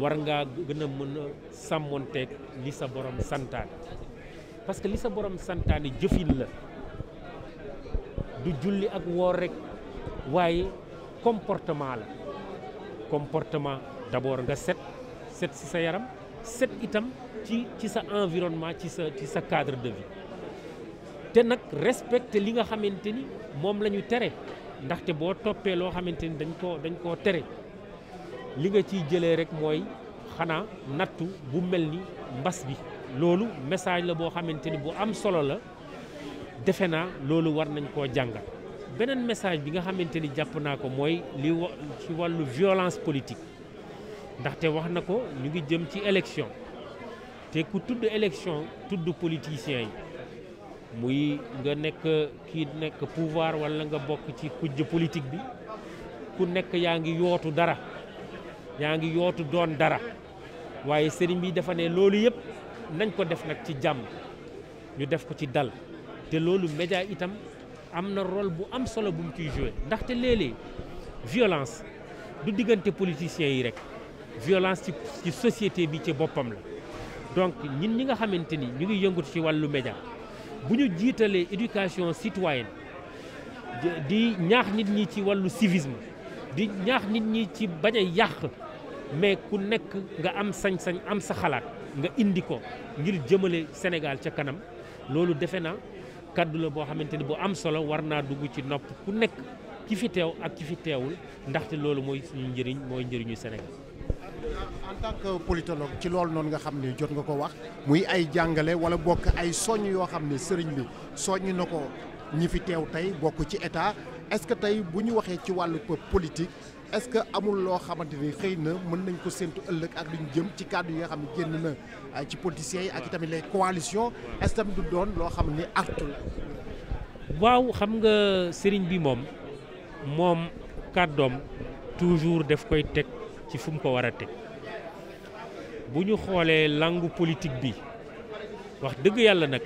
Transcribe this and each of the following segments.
war ngaa gën a mën a sàmmonteeg li sa borom santaane parce que li sa borom santaane jëfin la du julli ak woor rek waaye comportement la comportement d'abord nga set set ci sa yaram set itam ci ci sa environnement ci sa ci sa cadre de vie te nag respecter li nga xamante ni moom la ñu tere ndaxte boo toppee loo xamante ni dañ koo dañ koo tere li nga ciy jëlee rek mooy xanaa nattu bu mel ni mbas bi loolu message la boo xamante ni bu am solo la defe naa loolu war nañ ko jàngat beneen message bi nga xamante ni jàpp naa ko mooy li ci wàllu violence politique ndaxte wax na ko ñu ngi jëm ci élection te ku tudd élection tudd politiciens yi muy nga nekk kii nekk pouvoir walla nga bokk ci kujje politique bi ku nekk yaa ngi yootu dara yaa ngi yootu doon dara waaye sëriñ bi dafa ne loolu yëpp nañ ko def nag ci jàmm ñu def ko ci dal te loolu média itam am na rôle bu am solo bu mu ciy joué ndaxte léeg-léeg violence du diggante politiciens yi rek violence ci ci société bi ci boppam la donc ñin ñi nga xamante ni ñu ngi yëngatu ci wàllu média bu ñu jiitalee éducation citoyenne di ñaax nit ñi ci wàllu civisme di ñaax nit ñi ci bañ a yàq mais ku nekk nga am sañ-sañ am sa xalaat nga indi ko ngir jëmale Sénégal ca kanam loolu defe na kàddu la boo xamante ni bu am solo war naa dugg ci nopp ku nekk ki fi teew ak ki fi teewul ndaxte loolu mooy suñu njëriñ mooy njëriñu Sénégal. en politologue ci loolu noonu nga xam ne jot nga ko wax muy ay jàngale wala bokk ay soññ yoo xam ne sëriñ bi soññ na ko ñi fi teew tey bokk ci état est-ce que tey bu ñu waxee ci wàllu politique. est-ce que amul loo xamante ni xëy na mën nañ ko séntu ëllëg ak lu ñu jëm ci kàddu yi nga xam ne génn na euh, ci politiciens yi ak itamit les coalitions est-ce tamit du doon loo xam ne artu waaw xam nga sëriñ bi moom moom kàddoom toujours daf koy teg ci fu mu ko war a teg bu ñu xoolee langu politique bi wax dëgg yàlla nag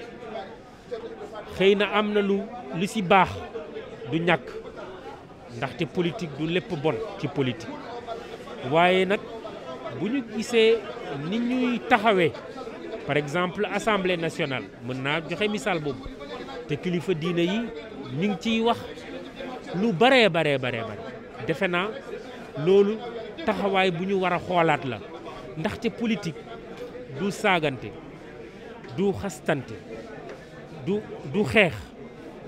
xëy na am na lu lu ci baax du ñàkk ndaxte politique du lépp bon ci politique waaye nag bu ñu gisee ni ñuy taxawee par exemple assemblée nationale mën naa joxe misaal boobu te kilifa diina yi ñu ngi ciy wax lu baree baree baree bare defe naa loolu taxawaay bu ñu war a xoolaat la ndaxte politique du saagante du xastante du du xeex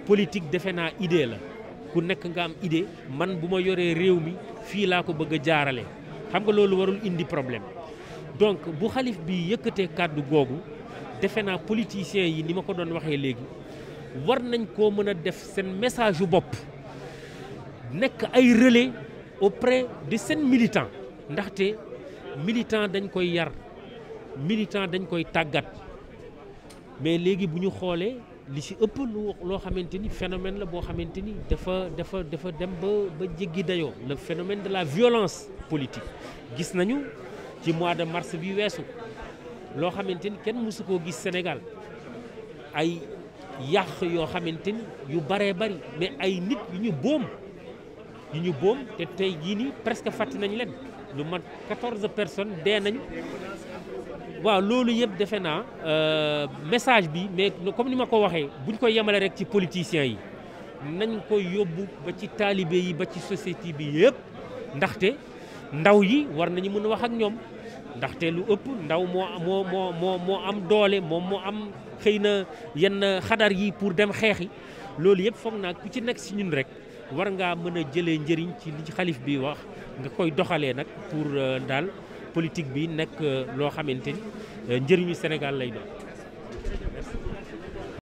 politique defe naa idée la ku nekk nga am idée man bu ma yoree réew mi fii laa ko bëgg a jaarale xam nga loolu warul indi problème donc bu xalif bi yëkkatee kàddu googu defe naa politiciens yi ni ma ko doon waxee léegi war nañ koo mën a def seen message yu bopp nekk ay au près de seen militant ndaxte militant dañ koy yar militant dañ koy tàggat mais léegi bu ñu xoolee li si ëpp lu loo xamante ni phénomène la boo xamante ni dafa dafa dafa dem ba ba jéggi dayoo le phénomène de la violence politique gis nañu ci mois de marse bi weesu loo xamante ni kenn mësu koo gis senegal ay yàq yoo xamante ni yu baree bari mais ay nit yu ñu boom yu ñu boom te tey jii nii presque fàtte nañ leen lu mat 14 personnes dee nañu waaw loolu yëpp defe naa euh, message bi mais comme ni ma ko waxee buñ koy yemale rek ci politiciens yi nañ koy yóbbu ba ci taalibe yi ba ci société bi yëpp ndaxte ndaw yi war nañu mën a wax ak ñoom ndaxte lu ëpp ndaw moo moo moo moo moo am doole moom moo am xëy na yenn xadar yi pour dem xeexi loolu yëpp foog naa ku ci nekk si ñun rek war ngaa mën a jëlee njëriñ ci li ci xalif bi wax nga koy doxalee nag pour euh, daal politique bi nekk euh, loo xamante ni euh, njëriñu Sénégal lay doon.